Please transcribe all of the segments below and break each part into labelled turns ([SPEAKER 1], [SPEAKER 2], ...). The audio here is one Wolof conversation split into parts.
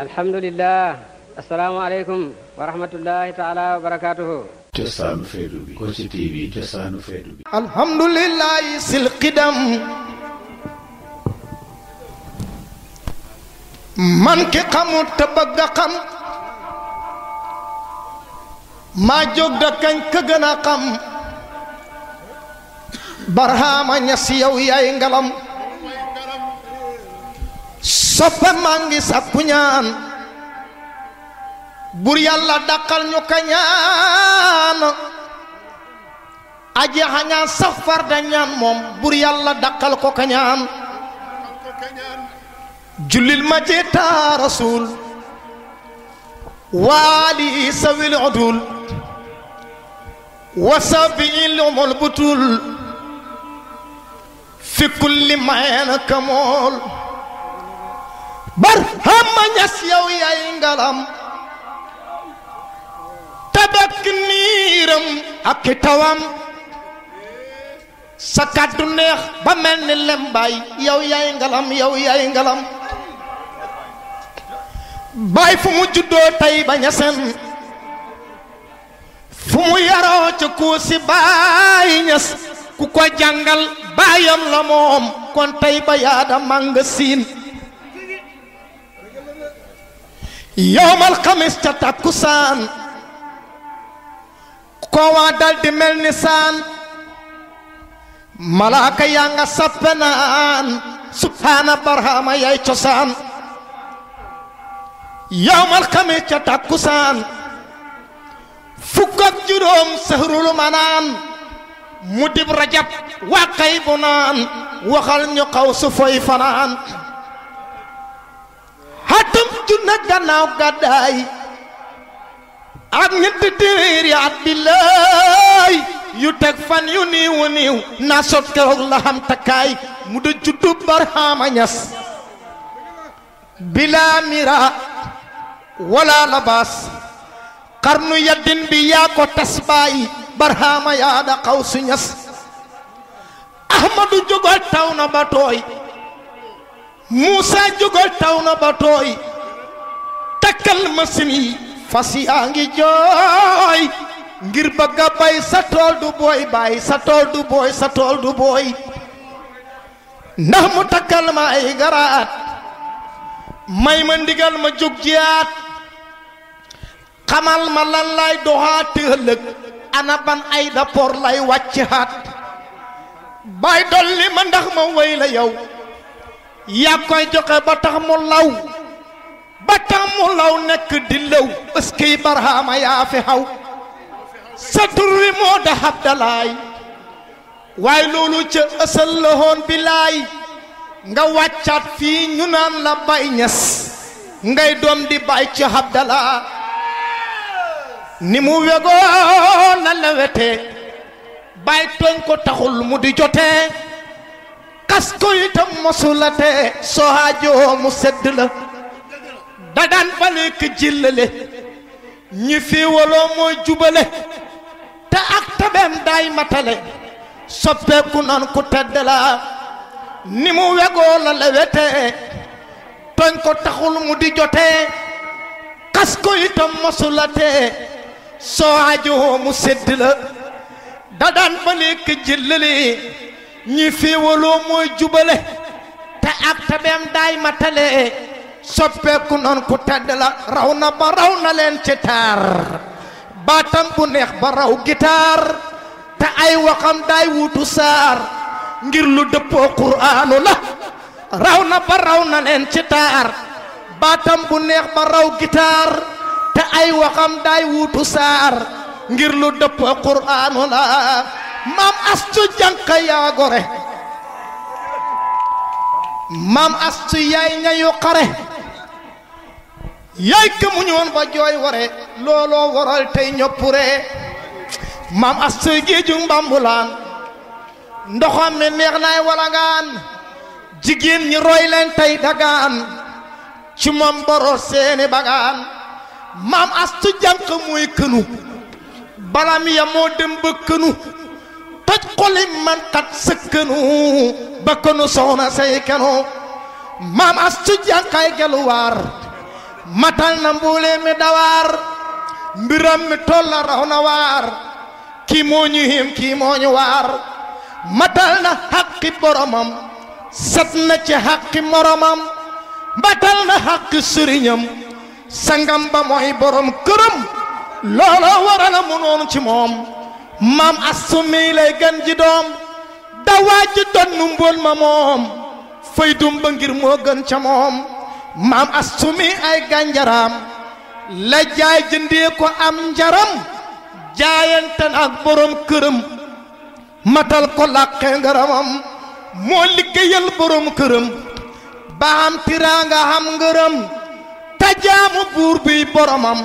[SPEAKER 1] alhamdulilah asalaamaaleykum wa rahmatullahi taala wa barakaatuhu cosaanu feetu bi Kossy TV cosaanu feetu bi alhamdulilahi sil qidam man ki xamut te bëgg ngalam soppa mangi sapunya sàkku ñaan bur yàlla safar ñu ka ñaan aji xañaan sax ñaan rasul wali sawil udul wasabi ilumul butul fi kulli mayen kamol bar xama ñas yow yay ngalam tabak niiram ak i tawam sa kàddu neex ba mel ni lembaay yow yay ngalam yow yay ngalam baay fu mu juddoo tey ba ñaseen fu mu yaroo ca kuusi baay ñas ku ko jàngal baayam la moom kon tey ba yaada màng siin yowmal xamis ca takkusaan koowaa daldi mel ni saan malaaka yaa nga sappe naan subhaana barhama yay cosaan yowmal xamis ca takkusaan fukk ak juróom sëhrul manaan mu dib rajab waa kay naan waxal ñu xaw su foy fanaan atum junne gannaaw gàddaay ak ñetti téeméeri at billaay yu teg fan yu niiwu niiw naa keroog la xam takkaay mu da juddu barhaama ñas bilaa mira wala labaas xarnu yaddin bi yaa ko tas bàyyi barhaama yaa da xaw su ñas ahmadu jógal taw na ba tooy muusa jógal taw na ba tooy takkal machine yi sa tool du ndax mu takkal ma ay garaat may ma ndigal ma jóg jiyaat ma lan lay doxaat ëllëg ana ban ay rapport lay wàcc bay dolli ma ndax ma wéy la yow yaa koy ba tax mu ba tàmmu law nekk di lëw ëskey barhaama yaa fi xaw sa wi moo da habdalaay waaye loolu ca ësal bi laay nga wàccaat fii ñu naan la bay ñes ngay doom di bay ci habdalaa ni mu wegoo na lewete bay tooñ ko taxul mu di jotee kas ko itam soo haajoo mu sedd la da daan bale ka jillale ñi féewaloo mooy jubale te ak tabeem daay matale soppeeku nan ku tedd ni mu wegoo la lewetee tooñ ko taxul mu di jotee xas ko itam mosula tee soo ajoo mu sedd la da daan bale ka jillale ñi féewaloo mooy jubale te ak tabeem daay matale soppeeku noon ku tedd la raw na ba raw na leen ci taar baatam bu neex ba raw gitaar te ay waxam daay wuutu saar ngir lu dëppoo quraanu la raw na ba raw na leen ci taar baatam bu neex ba raw gitaar te ay waxam daay wuutu saar ngir lu dëppoo quraanu la maam astu jànka yaa gore maam astu yaay ñayu xare yaay ka mu ba jooy ware looloo waral tey ñoppuree maam astoy géeju mbambulaan ndoxam mi neex naay walangaan jigéen ñi roy leen tey dagaan ci moom boroo seeni bagaan maam astu jànq mooy kënu balam ya moo dem kënu toj xoli man xat sëkkënu ba kënu soxna say kenu maam astu jànqaay geluwaar matal na mbuule mi dawaar mbiram mi tolla raw na waar kii moo ñu him kii moo ñu waar matal na xaqi boromam sat na ci xaqi moromam matal na xaqi sëriñam sangam ba mooy borom këram looloo waral mu noonu ci moom maam astu mi lay gan doom dawaa ji donnu mbóol ma moom fay dum ba ngir moo gën ca moom maam astumi ay gànjaraam la jaay jëndee ko am njaram jaayanten ak borom këram matal ko làqe ngaramam moo liggéeyal borom këram ba am tiraanga am ngërëm tajaamu buur biy boromam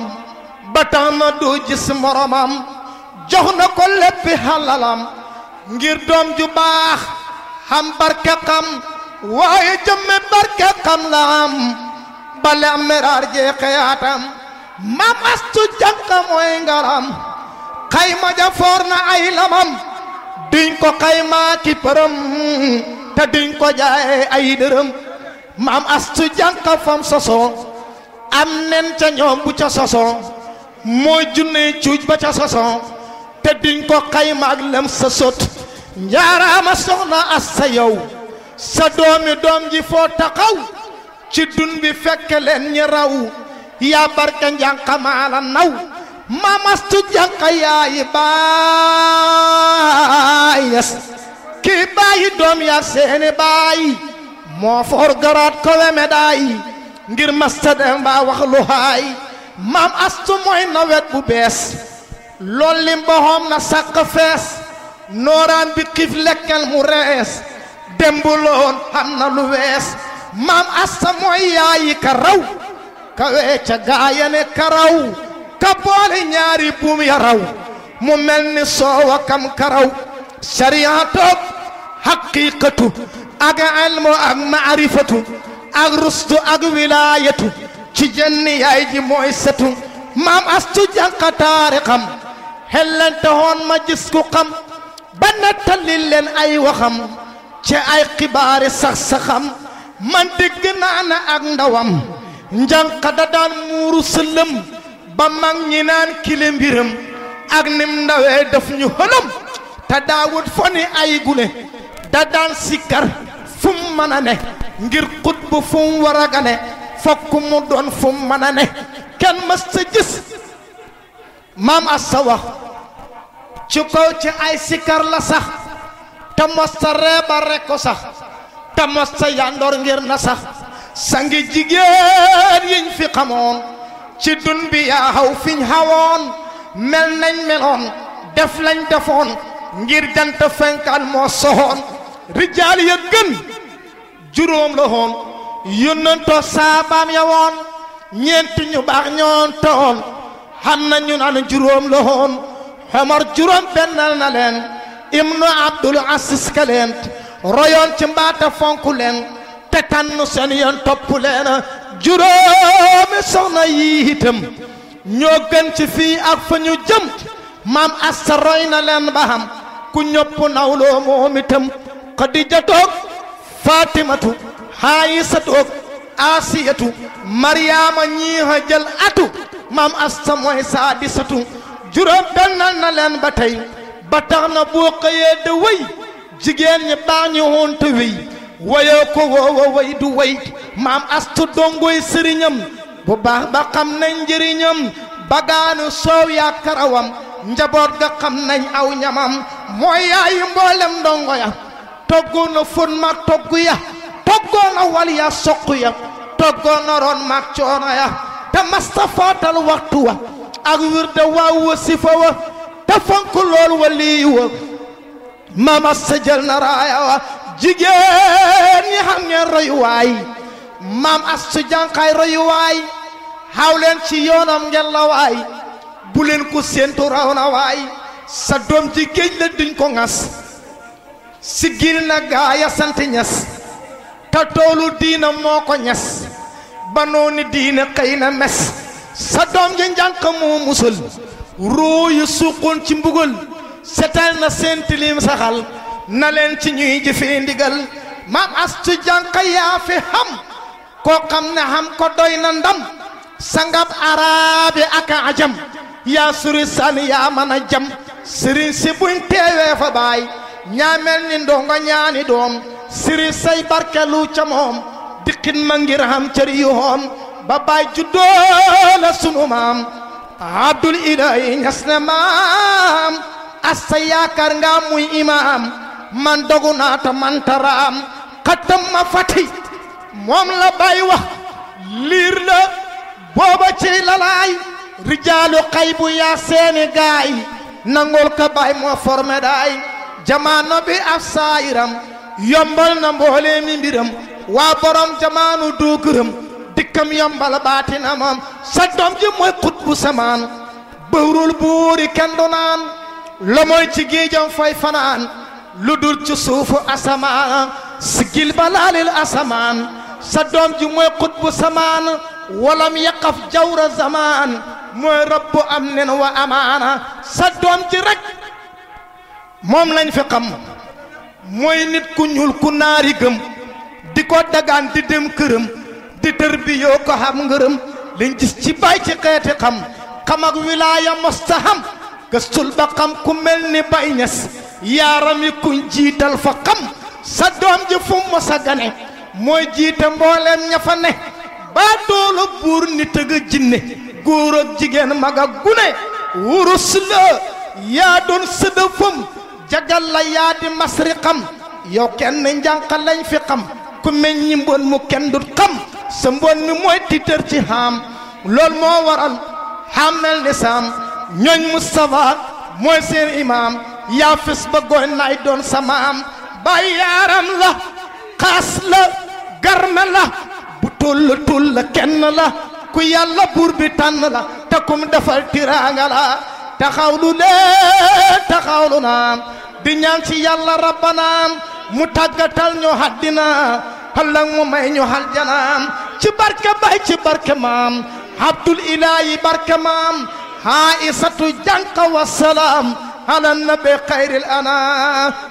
[SPEAKER 1] ba na doo gis moromam jox na ko leppi xalalam ngir doom ju baax xam barke xam waaye jëmme barke xam la bale am meraar jee xeyaatam maam astu jànka mooy ngaram xayma ja foor na ay lamam duñ ko xaymaa ki përëm te duñ ko jaaye ay dërëm maam astu jànka fam soso am nen ca ñoom bu ca soso mooy junne cuuj ba ca soso te duñ ko xayma ak lem sa sot njaaraama soxna as yow sa doomi doom ji foo taxaw ci dun bi fekk leen ñi raw yaa barke njànqa maa la naw mamastu jànqa yaayi baayes kii bàyyi doom yaa seeni bàyyi moo foor garaat ko we médaay ngir masta dem baa wax lu haay maam astu mooy nawet bu bees lool lim boxoom na sàq fees nooraan bi xiif lekkel mu rees dembuloon xam na lu wees maam asta mooy yaayi ka raw ka weeca gaayane ka raw ka boole ñaari buum raw mu mel ni soowa kam ka raw sariyaatoog haqiiqatu ak ilmu ak maarifatu ak rustu ak wilaayatu ci jenni yaay ji mooy maam astu jànqa taari xam hoon ma gis ku ba nettalil leen ay waxam ci ay xibaari sax-saxam man dégg naa na ak ndawam njànqa da daan muuru sëlëm ba mag ñi naan kile mbiram ak nim ndawee daf ñu xëlëm te daawut foni ay gune da daan sikkar fu mën a ne ngir xut bu fu mu fokk mu doon fu mën a ne kenn mës sa gis maam as sa wax ci kaw ci ay sikkar la sax te mos sa ko sax te yandoor ngir na sax sangi jigéen yiñ fi xamoon ci dun bi yaa xaw fiñ xawoon mel nañ meloon def lañ defoon ngir jant fenkaan moo soxoon rijaal ya gën juróom la woon yónnantoo saabaam ya woon ñeent baax ñoon toon xam na ñu juróom la woon xomar juróom bennal na leen ibnu abdul asis ka leen royoon ci mbaata fonk leen te tànn seen yoon leen juróomi soxna yi itam ñoo gën fii ak jëm maam asta roy leen ba xam ku ñëpp nawloo moom itam xadija toog fatimatu haayisa toog asiyatu maryaama ñii jël atu maam asta mooy saadisatu juróom bennal na leen ba tey ba tax na boo xëyee da wéy jigéen ñi baax ñi honte wéy wayoo ko woowa way du way maam astu dongoy sëriñam bu baax ba xam nañ njëriñam bagaanu soow yaa karawam njaboot ga xam nañ aw ñamam mooy yaayu mboolem ndongo ya toggoon na fon togg ya toggoon wal ya soq ya toggoon ron ma coono ya te mastafaatal waxtu wa ak wir da waaw wa wa te fonk lool waliyu mama sëjël na raaya jigéen ñi xam ngeen royuwaay maam astu jànqaay royuwaay xaw ci yoonam ngeen la waay bu leen ko séentu raw na waay sa doom ji géej la duñ ko ŋas siggil na gaaya sant ñes te toolu diina moo ko ñes banoo ni diina xëy na mes sa doom ji njànq moo musal roo yu suuqoon ci mbugal setal na seen tilim saxal na leen ci ñuy jëfee ndigal maam astu jànq yaa xam koo xam ne xam ko doy na ndam sangab araabi ak ajam yaa suri sani yaa mën a jam sëriñ si buñ teewee fa baay ñaamel ni ndongo ñaani doom sëriñ say barkelu ca moom dikkin ma ngir xam cëri yu ba baay juddoo la sunu maam abdul ilahi ñas na maam asa yaakaar nga muy imaam man dogu naa ta man taraam xatam fati moom la bay wax liir la booba ci lalaay rijaalu xay bu yaa seeni gaay nangol ka bay moo formé jamaano bi ab saayiram yombal na mboolee mi mbiram waa borom jamaanu duuguram dikkam yombal baatinamam sa doom ji mooy xut samaan bëwrul buuri kenn du naan la ci géejam fay fanaan lu dul ci suufu asamaan sigil ba laalil asamaan sa doom ji mooy xut samaan walam yaqaf jawra zamaan mooy rabbu am nen wa amaana sa doom ji rek moom lañ fi xam mooy nit ku ñuul ku naari gëm di ko dagaan di dem këram te tër bi yoo ko xam ngërëm liñ gis ci bay ci xeeti xam xam ak wilaaya mosta xam gëstul ba xam ku mel ni bay ñes yaaram yi jiital fa xam sa doom ji fu mu gane mooy jiite mbooleem ña fa ne baa doolu buur nit ak jinne jigéen mag ak gune wurus la yaa doon sëdëfam jagal la yaa di masri xam yow kenn njànq lañ fi xam ku meññi mboon mu kenn dut xam sa mbon mi mooy tiitër ci xaam lool moo waral xammel ni saam ñooñ Mustafa mooy seen imaam yaa fis ba goy doon samaam bày yaaram la xaas la garme la bu tull tull la kenn la ku yàlla buur bi tànn la te kum defal tiraanga la taxawlu lee taxawlu naam di ñaan ci yàlla rabbanaam mu tàggatal ñu haddina allah mu may ñu xal ci barke ci barke abdul ilaahi barke haa isatu janqa wassalaam ala nabi xayril anam